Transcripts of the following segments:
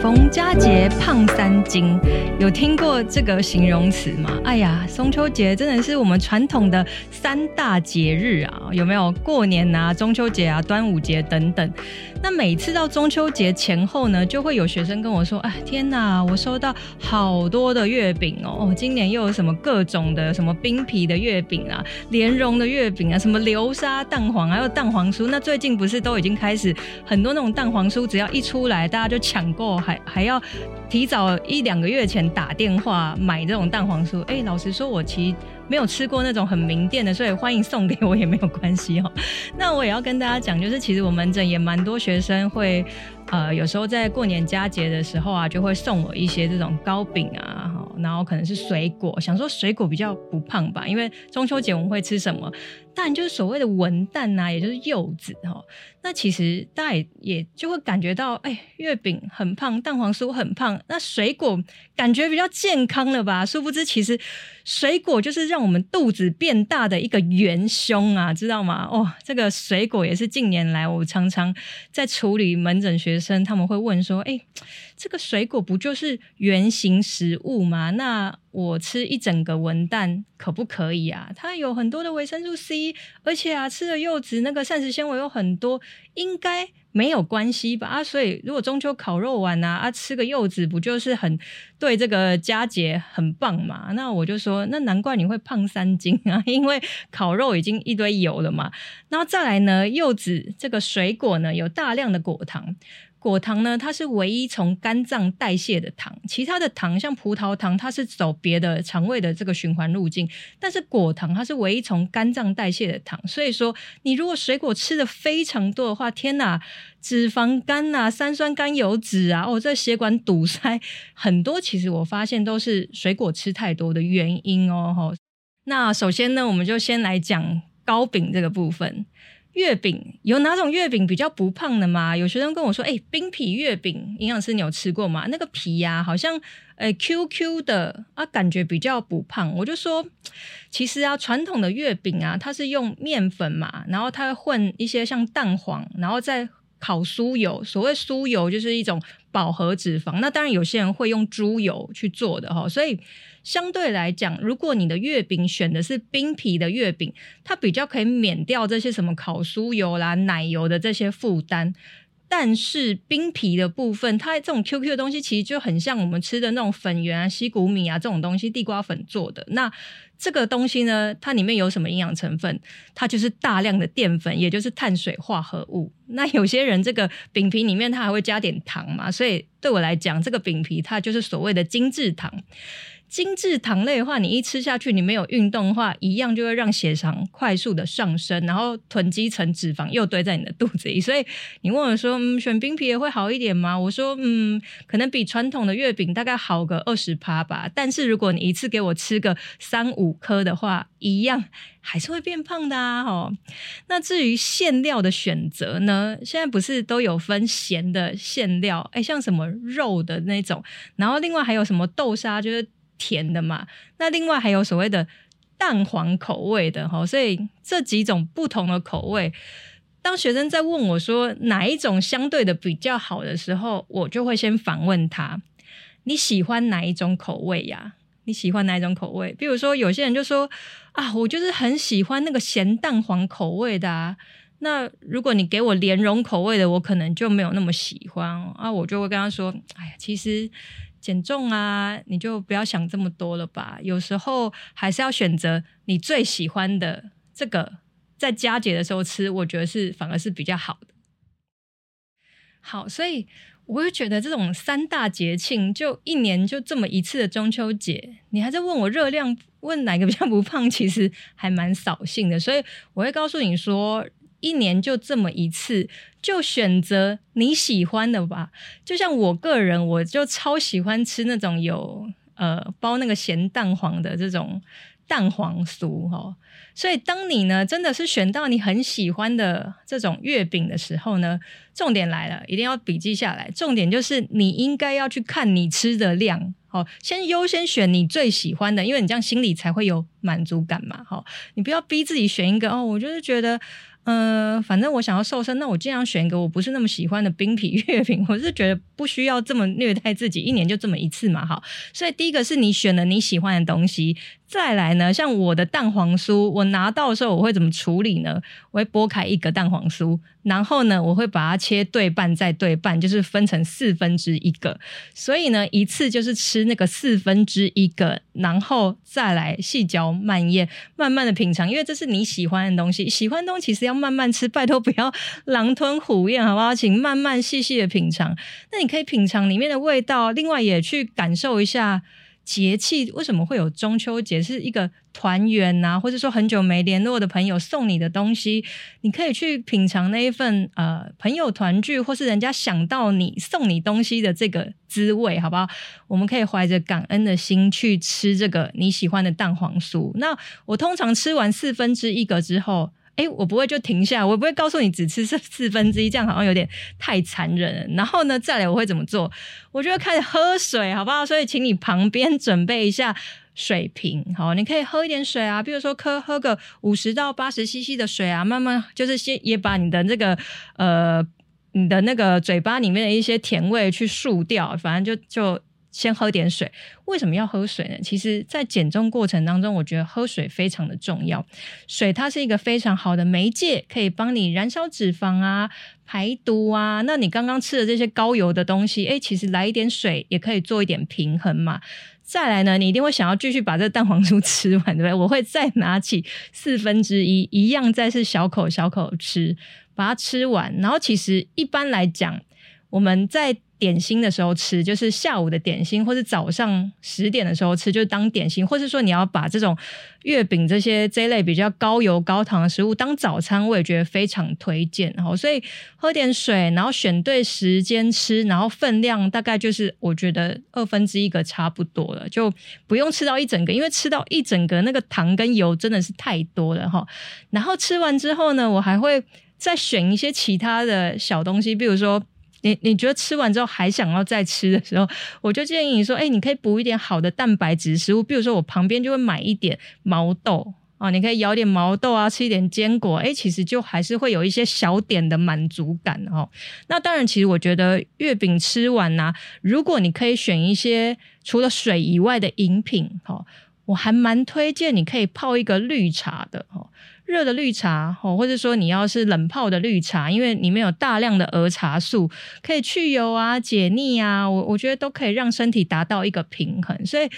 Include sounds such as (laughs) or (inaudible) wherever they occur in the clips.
逢佳節胖三斤，有聽過這個形容詞嗎？哎呀，中秋節真的是我們傳統的三大節日啊，有沒有？過年啊，中秋節啊，端午節等等。那每次到中秋節前後呢，就會有學生跟我說：“哎，天吶，我收到好多的月餅哦！今年又有什麼各種的什麼冰皮的月餅啊，蓮蓉的月餅啊，什麼流沙蛋黃還有蛋黃酥。那最近不是都已經開始很多那種蛋黃酥，只要一出來，大家就搶購。”還要提早一兩個月前打電話買這種蛋黃酥。哎、欸，老實說，我其沒有吃過那種很名店的，所以歡迎送給我也沒有關係哦。那我也要跟大家講，就是其實我門診也蠻多學生會，呃，有時候在過年佳節的時候啊，就會送我一些這種糕餅啊，然後可能是水果，想說水果比較不胖吧，因為中秋節我們會吃什麼？但就是所謂的文旦啊，也就是柚子哈、哦。那其實大家也也就會感覺到，哎，月餅很胖，蛋黃酥很胖，那水果感覺比較健康了吧？殊不知，其實水果就是讓我們肚子變大的一個元凶啊，知道嗎？哦，這個水果也是近年來我常常在處理門診學生，他們會問說：“哎，這個水果不就是原型食物嗎？那我吃一整個文旦可不可以啊？它有很多的維生素 C，而且啊，吃了柚子那個膳食纖維又很多，應該。”沒有關係吧？啊，所以如果中秋烤肉完啊，啊吃個柚子不就是很，對這個佳節很棒嘛？那我就說，那難怪你會胖三斤啊，因為烤肉已經一堆油了嘛。然後再來呢，柚子這個水果呢，有大量的果糖。果糖呢，它是唯一從肝臟代謝的糖，其他的糖像葡萄糖，它是走別的腸胃的這個循環路徑，但是果糖它是唯一從肝臟代謝的糖，所以說你如果水果吃得非常多的話，天吶、啊，脂肪肝吶、啊，三酸甘油酯啊，哦，這血管堵塞很多，其實我發現都是水果吃太多的原因哦。那首先呢，我們就先來講糕餅這個部分。月餅，有哪種月餅比較不胖的嗎？有學生跟我說，欸，冰皮月餅，營養師你有吃過嗎？那個皮呀，啊，好像，欸，QQ 的啊，感覺比較不胖。我就說，其實啊，傳統的月餅啊，它是用麵粉嘛，然後它會混一些像蛋黃，然後再烤酥油。所謂酥油就是一種飽和脂肪，那當然有些人會用豬油去做的哈，所以。相對來講，如果你的月餅選的是冰皮的月餅，它比較可以免掉這些什麼烤酥油啦、奶油的這些負擔。但是冰皮的部分，它這種 QQ 的東西，其實就很像我們吃的那種粉圓啊、西谷米啊這種東西，地瓜粉做的。那這個東西呢，它裡面有什麼營養成分？它就是大量的澱粉，也就是碳水化合物。那有些人這個餅皮裡面，它還會加點糖嘛，所以對我來講，這個餅皮它就是所謂的精緻糖。精緻糖類的話，你一吃下去，你沒有運動的話，一樣就會讓血糖快速的上升，然後囤積成脂肪又堆在你的肚子裡。所以你問我說，嗯，選冰皮也會好一點嗎？我說，嗯，可能比傳統的月餅大概好個二十趴吧。但是如果你一次給我吃個三五顆的話，一樣還是會變胖的啊。哦，那至於餡料的選擇呢？現在不是都有分鹹的餡料，哎，欸，像什麼肉的那種，然後另外還有什麼豆沙，就是。甜的嘛，那另外還有所謂的蛋黃口味的，所以這幾種不同的口味，當學生在問我說哪一種相對的比較好的時候，我就會先反問他：你喜歡哪一種口味呀、啊？你喜歡哪一種口味？比如說，有些人就說：啊，我就是很喜歡那個鹹蛋黃口味的啊。那如果你給我蓮蓉口味的，我可能就沒有那麼喜歡啊。我就會跟他說：哎呀，其實。減重啊，你就不要想這麼多了吧。有時候還是要選擇你最喜歡的這個，在佳節的時候吃，我覺得是反而是比較好的。好，所以我會覺得這種三大節慶就一年就這麼一次的中秋節，你還在問我熱量，問哪個比較不胖，其實還蠻掃興的。所以我會告訴你說。一年就這麼一次，就選擇你喜歡的吧。就像我個人，我就超喜歡吃那種有呃包那個鹹蛋黃的這種蛋黃酥哈、哦。所以，當你呢真的是選到你很喜歡的這種月餅的時候呢，重點來了，一定要筆記下來。重點就是你應該要去看你吃的量哦，先優先選你最喜歡的，因為你這樣心裡才會有滿足感嘛。哈、哦，你不要逼自己選一個哦，我就是覺得。呃、嗯，反正我想要瘦身，那我盡量選一個我不是那麼喜歡的冰皮月餅，我是覺得。不需要這麼虐待自己，一年就這麼一次嘛，好，所以第一個是你選了你喜歡的東西，再來呢，像我的蛋黃酥，我拿到的時候我會怎麼處理呢？我會剝開一個蛋黃酥，然後呢，我會把它切對半，再對半，就是分成四分之一個，所以呢，一次就是吃那個四分之一個，然後再來細嚼慢嚥，慢慢的品嚐，因為這是你喜歡的東西，喜歡的東西其實要慢慢吃，拜託不要狼吞虎嚥，好不好？請慢慢細細的品嚐，那你。你可以品嚐裡面的味道，另外也去感受一下節氣為什麼會有中秋節，是一個團圓吶，或者說很久沒聯絡的朋友送你的東西，你可以去品嚐那一份呃朋友團聚，或是人家想到你送你東西的這個滋味，好不好？我們可以懷着感恩的心去吃這個你喜歡的蛋黃酥。那我通常吃完四分之一個之後。哎、欸，我不會就停下，我不會告訴你只吃四四分之一，這樣好像有點太殘忍了。然後呢，再來我會怎麼做？我就會開始喝水，好不好？所以請你旁邊準備一下水瓶，好，你可以喝一點水啊，比如說喝喝個五十到八十 CC 的水啊，慢慢就是先也把你的這個呃你的那個嘴巴裡面的一些甜味去漱掉，反正就就。先喝點水，為什麼要喝水呢？其實，在減重過程當中，我覺得喝水非常的重要。水它是一個非常好的媒介，可以幫你燃燒脂肪啊、排毒啊。那你剛剛吃的這些高油的東西，誒，其實來一點水也可以做一點平衡嘛。再來呢，你一定會想要繼續把這蛋黃酥吃完，對不對？我會再拿起四分之一，4, 一樣再是小口小口吃，把它吃完。然後，其實一般來講，我們在點心的時候吃，就是下午的點心，或是早上十點的時候吃，就是、當點心，或是說你要把這種月餅這些這一類比較高油高糖的食物當早餐，我也覺得非常推薦哈。所以喝點水，然後選對時間吃，然後分量大概就是我覺得二分之一個差不多了，就不用吃到一整個，因為吃到一整個那個糖跟油真的是太多了哈。然後吃完之後呢，我還會再選一些其他的小東西，比如說。你你覺得吃完之後還想要再吃的時候，我就建議你說，哎、欸，你可以補一點好的蛋白質食物，比如說我旁邊就會買一點毛豆啊、哦，你可以咬點毛豆啊，吃一點堅果，哎、欸，其實就還是會有一些小點的滿足感哦。那當然，其實我覺得月餅吃完啊，如果你可以選一些除了水以外的飲品哦，我還蠻推薦你可以泡一個綠茶的哦。熱的綠茶，吼，或者說你要是冷泡的綠茶，因為裡面有大量的兒茶素，可以去油啊、解膩啊，我我覺得都可以讓身體達到一個平衡，所以。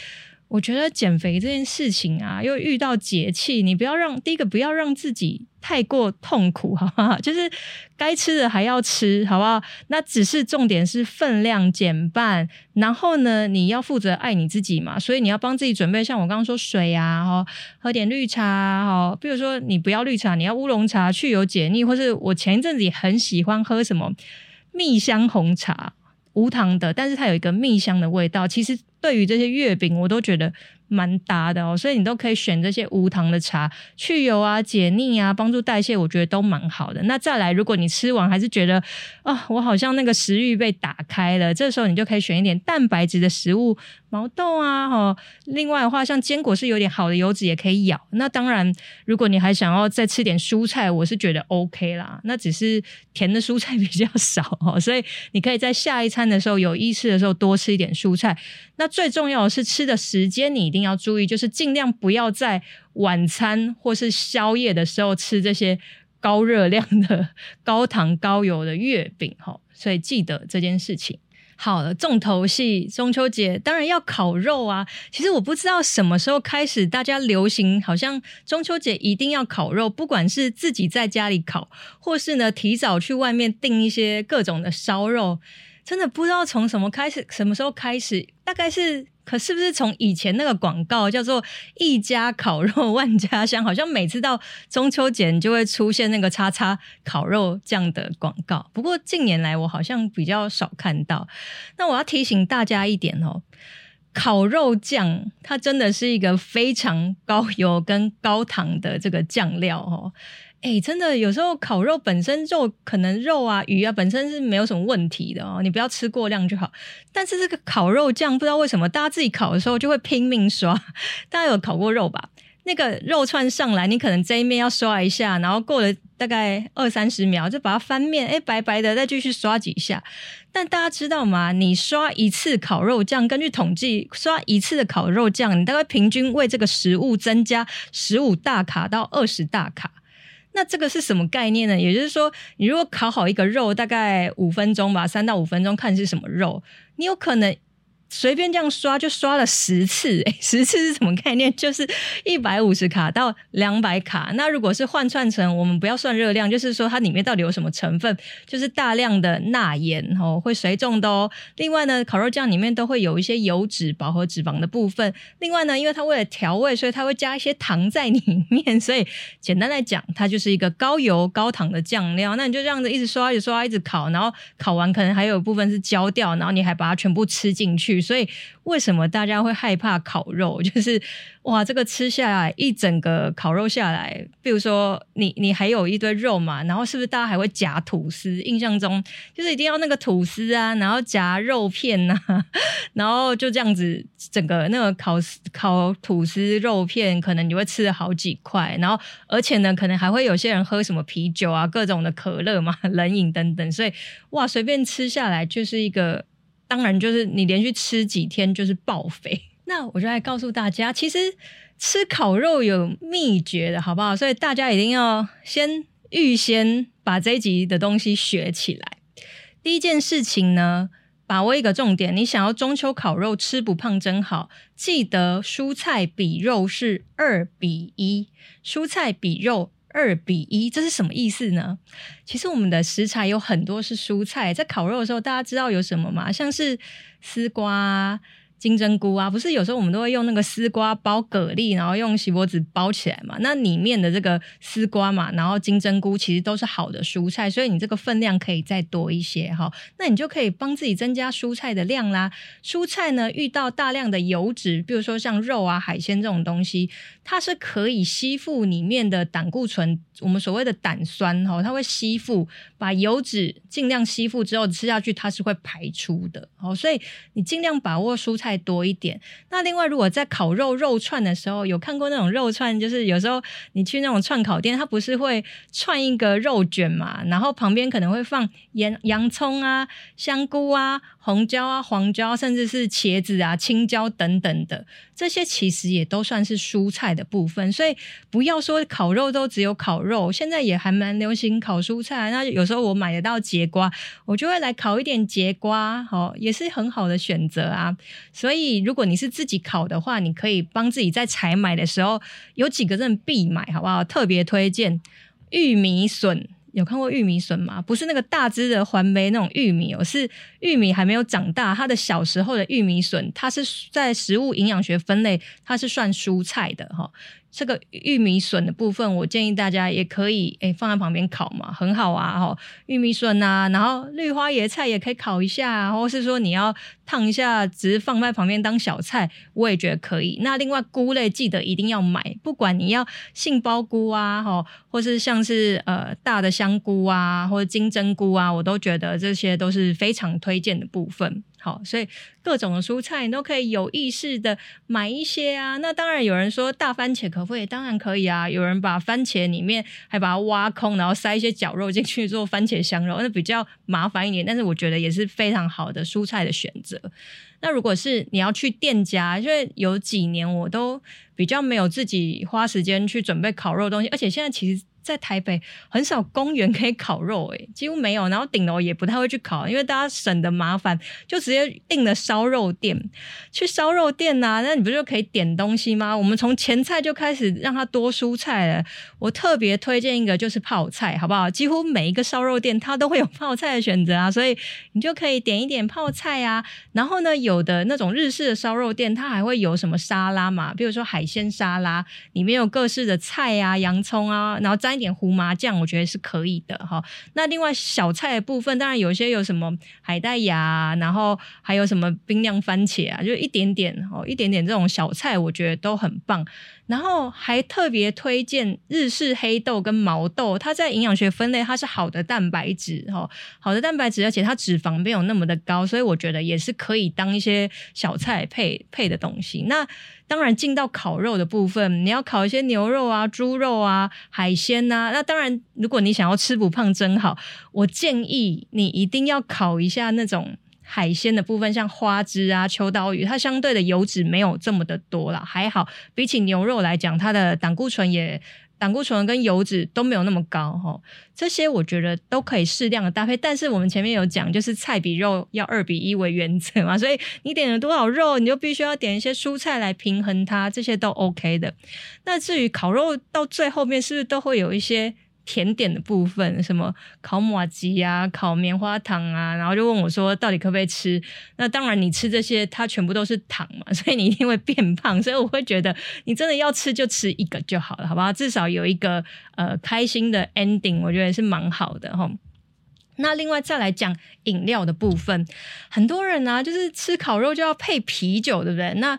我覺得減肥這件事情啊，又遇到節氣，你不要讓第一個不要讓自己太過痛苦，好不好？就是該吃的還要吃，好不好？那只是重點是分量減半，然後呢，你要負責愛你自己嘛，所以你要幫自己準備，像我剛剛說水啊，喝點綠茶、啊，好，比如說你不要綠茶，你要烏龍茶去油解膩，或是我前一陣子也很喜歡喝什麼蜜香紅茶，無糖的，但是它有一個蜜香的味道，其實。對於這些月餅，我都覺得。蠻搭的哦，所以你都可以選這些無糖的茶，去油啊、解膩啊、幫助代謝，我覺得都蠻好的。那再來，如果你吃完還是覺得啊、哦，我好像那個食欲被打開了，這時候你就可以選一點蛋白質的食物，毛豆啊，哈、哦。另外的話，像堅果是有點好的油脂，也可以咬。那當然，如果你還想要再吃點蔬菜，我是覺得 OK 啦。那只是甜的蔬菜比較少哦，所以你可以在下一餐的時候有意識的時候多吃一點蔬菜。那最重要的是吃的時間，你一定。要注意，就是盡量不要在晚餐或是宵夜的時候吃這些高熱量的、高糖高油的月餅吼，所以記得這件事情。好了，重頭戲中秋節當然要烤肉啊。其實我不知道什麼時候開始大家流行，好像中秋節一定要烤肉，不管是自己在家裡烤，或是呢提早去外面訂一些各種的燒肉。真的不知道從什麼開始，什麼時候開始，大概是。可是不是從以前那個廣告叫做“一家烤肉萬家香”，好像每次到中秋節你就會出現那個叉叉烤肉醬的廣告。不過近年來我好像比較少看到。那我要提醒大家一點哦，烤肉醬它真的是一個非常高油跟高糖的這個醬料哦。哎，真的，有時候烤肉本身肉可能肉啊魚啊本身是沒有什麼問題的哦，你不要吃過量就好。但是這個烤肉醬不知道為什麼大家自己烤的時候就會拼命刷。大家有烤過肉吧？那個肉串上來，你可能這一面要刷一下，然後過了大概二三十秒就把它翻面，哎，白白的再繼續刷幾下。但大家知道嗎？你刷一次烤肉醬，根據統計，刷一次的烤肉醬，你大概平均為這個食物增加十五大卡到二十大卡。那這個是什麼概念呢？也就是說，你如果烤好一個肉，大概五分鐘吧，三到五分鐘，看是什麼肉，你有可能。隨便這樣刷就刷了十次，哎、欸，十次是什麼概念？就是一百五十卡到兩百卡。那如果是換算成我們不要算熱量，就是說它裡面到底有什麼成分？就是大量的鈉鹽，吼、哦，會水腫的、哦。另外呢，烤肉醬裡面都會有一些油脂、飽和脂肪的部分。另外呢，因為它為了調味，所以它會加一些糖在裡面。所以簡單來講，它就是一個高油高糖的醬料。那你就這樣子一直刷，一直刷，一直烤，然後烤完可能還有部分是焦掉，然後你還把它全部吃進去。所以，為什麼大家會害怕烤肉？就是，哇，這個吃下來一整個烤肉下來，比如說你你還有一堆肉嘛，然後是不是大家還會夾吐司？印象中就是一定要那個吐司啊，然後夾肉片吶、啊，然後就這樣子，整個那個烤烤吐司肉片，可能你會吃了好幾塊，然後而且呢，可能還會有些人喝什麼啤酒啊，各種的可樂嘛，冷飲等等，所以哇，隨便吃下來就是一個。當然，就是你連續吃幾天就是爆肥。那我就來告訴大家，其實吃烤肉有秘訣的，好不好？所以大家一定要先預先把這一集的東西學起來。第一件事情呢，把握一個重點：你想要中秋烤肉吃不胖，真好，記得蔬菜比肉是二比一，蔬菜比肉。二比一，這是什麼意思呢？其實我們的食材有很多是蔬菜，在烤肉的時候，大家知道有什麼嗎？像是絲瓜。金針菇啊，不是有時候我們都會用那個絲瓜包蛤蜊，然後用錫箔紙包起來嘛？那裡面的這個絲瓜嘛，然後金針菇其實都是好的蔬菜，所以你這個分量可以再多一些哈。那你就可以幫自己增加蔬菜的量啦。蔬菜呢，遇到大量的油脂，比如說像肉啊、海鮮這種東西，它是可以吸附裡面的膽固醇，我們所謂的膽酸哈，它會吸附，把油脂盡量吸附之後吃下去，它是會排出的哦。所以你盡量把握蔬菜。再多一點。那另外，如果在烤肉肉串的時候，有看過那種肉串，就是有時候你去那種串烤店，它不是會串一個肉卷嘛？然後旁邊可能會放洋洋蔥啊、香菇啊、紅椒啊、黃椒，甚至是茄子啊、青椒等等的。這些其實也都算是蔬菜的部分，所以不要說烤肉都只有烤肉，現在也還蠻流行烤蔬菜、啊。那有時候我買得到櫛瓜，我就會來烤一點櫛瓜，好、哦，也是很好的選擇啊。所以，如果你是自己烤的話，你可以幫自己在採買的時候有幾個人必買，好不好？特別推薦玉米筍。有看過玉米筍嗎？不是那個大枝的環杯那種玉米，哦，是玉米還沒有長大，它的小時候的玉米筍，它是在食物營養學分類，它是算蔬菜的哈、哦。這個玉米筍的部分，我建議大家也可以誒、欸、放在旁邊烤嘛，很好啊哈，玉米筍啊，然後綠花椰菜也可以烤一下，或是說你要燙一下，只是放在旁邊當小菜，我也覺得可以。那另外菇類記得一定要買，不管你要杏鮑菇啊哈，或是像是呃大的香菇啊，或者金針菇啊，我都覺得這些都是非常推薦的部分。好，所以各種的蔬菜你都可以有意識的買一些啊。那當然有人說大番茄可不可以？當然可以啊。有人把番茄裡面還把它挖空，然後塞一些絞肉進去做番茄鑲肉，那比較麻煩一點，但是我覺得也是非常好的蔬菜的選擇。那如果是你要去店家，因為有幾年我都比較沒有自己花時間去準備烤肉東西，而且現在其實。在台北很少公園可以烤肉，欸，誒，幾乎沒有。然後頂樓也不太會去烤，因為大家省得麻煩，就直接訂了燒肉店去燒肉店吶、啊。那你不就可以點東西嗎？我們從前菜就開始讓它多蔬菜了。我特別推薦一個就是泡菜，好不好？幾乎每一個燒肉店它都會有泡菜的選擇啊，所以你就可以點一點泡菜啊。然後呢，有的那種日式的燒肉店，它還會有什麼沙拉嘛？比如說海鮮沙拉，裡面有各式的菜啊、洋蔥啊，然後沾，一點胡麻醬，我覺得是可以的哈。那另外小菜的部分，當然有些有什麼海帶芽，然後還有什麼冰涼番茄啊，就一點點一點點這種小菜，我覺得都很棒。然後還特別推薦日式黑豆跟毛豆，它在營養學分類，它是好的蛋白質哈，好的蛋白質，而且它脂肪沒有那麼的高，所以我覺得也是可以當一些小菜配配的東西。那當然，進到烤肉的部分，你要烤一些牛肉啊、豬肉啊、海鮮啊。那當然，如果你想要吃不胖真好，我建議你一定要烤一下那種海鮮的部分，像花枝啊、秋刀魚，它相對的油脂沒有這麼的多了，還好。比起牛肉來講，它的膽固醇也。膽固醇跟油脂都沒有那麼高哈，這些我覺得都可以適量的搭配。但是我們前面有講，就是菜比肉要二比一為原則嘛，所以你點了多少肉，你就必須要點一些蔬菜來平衡它，這些都 OK 的。那至於烤肉到最後面，是不是都會有一些甜點的部分，什麼烤麻糬啊、烤棉花糖啊，然後就問我說，到底可不可以吃？那當然，你吃這些，它全部都是糖嘛，所以你一定會變胖。所以我會覺得，你真的要吃就吃一個就好了，好不好？至少有一個呃開心的 ending，我覺得是蠻好的哈。那另外再來講飲料的部分，很多人啊，就是吃烤肉就要配啤酒，對不對？那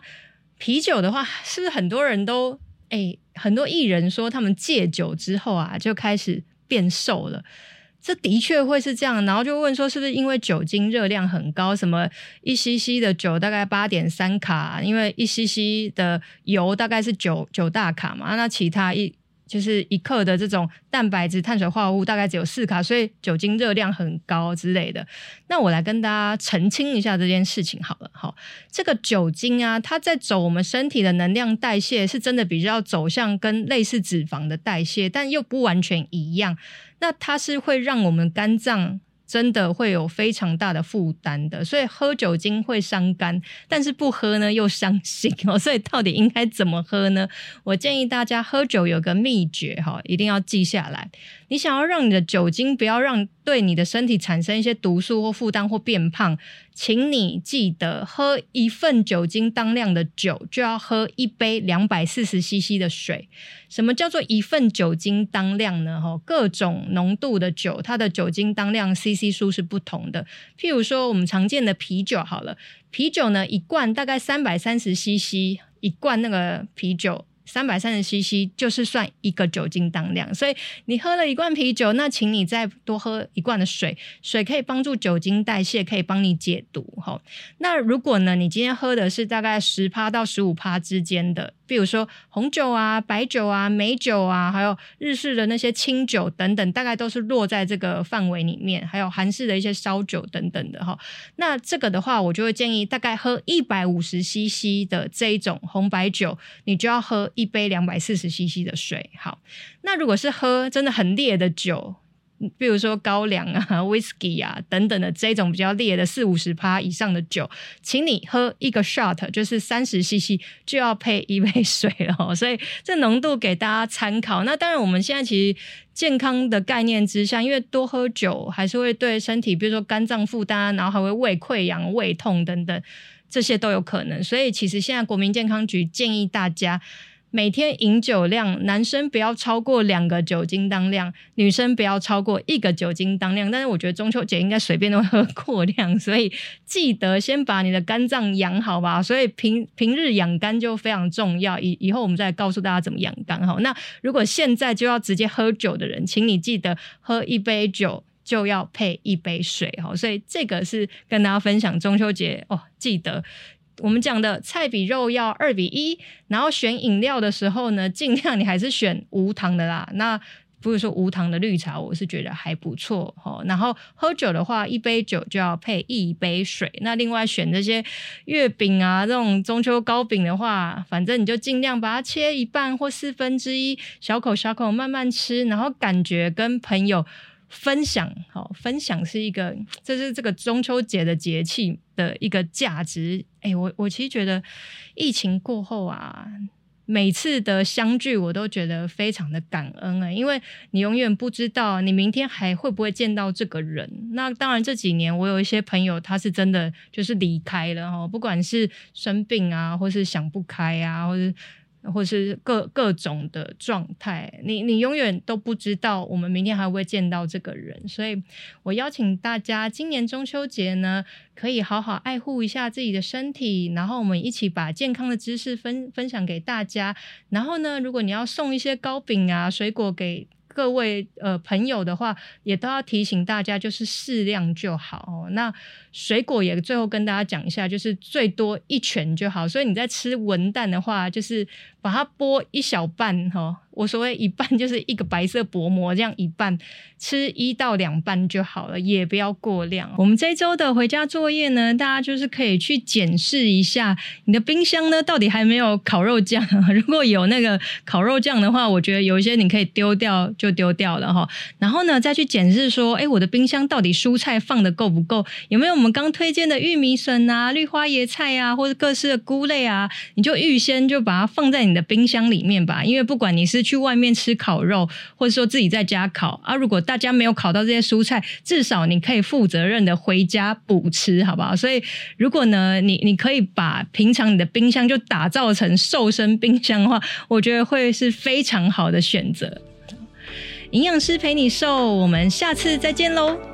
啤酒的話，是不是很多人都哎？欸很多藝人說他們戒酒之後啊，就開始變瘦了，這的確會是這樣。然後就問說，是不是因為酒精熱量很高？什麼一 cc 的酒大概八點三卡，因為一 cc 的油大概是九九大卡嘛？那其他一。就是一克的這種蛋白質、碳水化合物大概只有四卡，所以酒精熱量很高之類的。那我來跟大家澄清一下這件事情好了，好，這個酒精啊，它在走我們身體的能量代謝，是真的比較走向跟類似脂肪的代謝，但又不完全一樣。那它是會讓我們肝臟。真的會有非常大的負擔的，所以喝酒精會傷肝，但是不喝呢又傷心哦，所以到底應該怎麼喝呢？我建議大家喝酒有個祕訣哈，一定要記下來。你想要讓你的酒精不要讓對你的身體產生一些毒素或負擔或變胖，請你記得喝一份酒精當量的酒就要喝一杯兩百四十 CC 的水。什麼叫做一份酒精當量呢？哈，各種濃度的酒，它的酒精當量 CC 數是不同的。譬如說，我們常見的啤酒好了，啤酒呢一罐大概三百三十 CC，一罐那個啤酒。三百三十 cc 就是算一個酒精當量，所以你喝了一罐啤酒，那請你再多喝一罐的水，水可以幫助酒精代謝，可以幫你解毒。哈、哦，那如果呢，你今天喝的是大概十趴到十五趴之間的。比如說紅酒啊、白酒啊、美酒啊，還有日式的那些清酒等等，大概都是落在這個範圍裡面。還有韓式的一些燒酒等等的哈。那這個的話，我就會建議，大概喝一百五十 CC 的這一種紅白酒，你就要喝一杯兩百四十 CC 的水。好，那如果是喝真的很烈的酒，比如說高粱啊、威士忌啊等等的這種比較烈的四五十趴以上的酒，請你喝一個 shot，就是三十 cc 就要配一杯水了哦。所以這濃度給大家參考。那當然，我們現在其實健康的概念之下，因為多喝酒還是會對身體，比如說肝臟負擔，然後還會胃潰瘍、胃痛等等這些都有可能。所以其實現在國民健康局建議大家。每天飲酒量，男生，不要超過兩個酒精當量，女生，不要超過一個酒精當量。但是我覺得中秋節應該隨便都喝過量，所以記得先把你的肝臟養好吧。所以平平日養肝就非常重要，以以後我們再告訴大家怎麼養肝哈。那如果現在就要直接喝酒的人，請你記得喝一杯酒就要配一杯水哈。所以這個是跟大家分享中秋節哦，記得。我們講的菜比肉要二比一，然後選飲料的時候呢，盡量你還是選無糖的啦。那不是說無糖的綠茶，我是覺得還不錯，然後喝酒的話，一杯酒就要配一杯水。那另外選這些月餅啊，這種中秋糕餅的話，反正你就盡量把它切一半或四分之一，小口小口慢慢吃，然後感覺跟朋友。分享，好，哦，分享是一個，這是這個中秋節的節氣的一個價值。誒，我我其實覺得疫情過後啊，每次的相聚我都覺得非常的感恩啊，欸，因為你永遠不知道你明天還會不會見到這個人。那當然這幾年我有一些朋友他是真的就是離開了哦，不管是生病啊，或是想不開啊，或是。或是各各種的狀態，你你永遠都不知道我們明天還會見到這個人，所以我邀請大家今年中秋節呢，可以好好愛護一下自己的身體，然後我們一起把健康的知識分分享給大家。然後呢，如果你要送一些糕餅啊、水果給各位呃朋友的話，也都要提醒大家，就是適量就好。那水果也最後跟大家講一下，就是最多一拳就好。所以你在吃文旦的話，就是。把它剝一小半哈，我所謂一半就是一個白色薄膜這樣一半，吃一到兩半就好了，也不要過量。我們這一周的回家作業呢，大家就是可以去檢視一下你的冰箱呢到底還沒有烤肉醬， (laughs) 如果有那個烤肉醬的話，我覺得有一些你可以丟掉就丟掉了哈。然後呢再去檢視說，哎、欸，我的冰箱到底蔬菜放得夠不夠，有沒有我們剛推薦的玉米筍啊、綠花椰菜啊，或者各式的菇類啊，你就預先就把它放在你。你的冰箱裡面吧，因為不管你是去外面吃烤肉，或者說自己在家烤，啊，如果大家沒有烤到這些蔬菜，至少你可以負責任的回家補吃，好不好？所以，如果呢，你你可以把平常你的冰箱就打造成瘦身冰箱的話，我覺得會是非常好的選擇。營養師陪你瘦，我們下次再見嘍。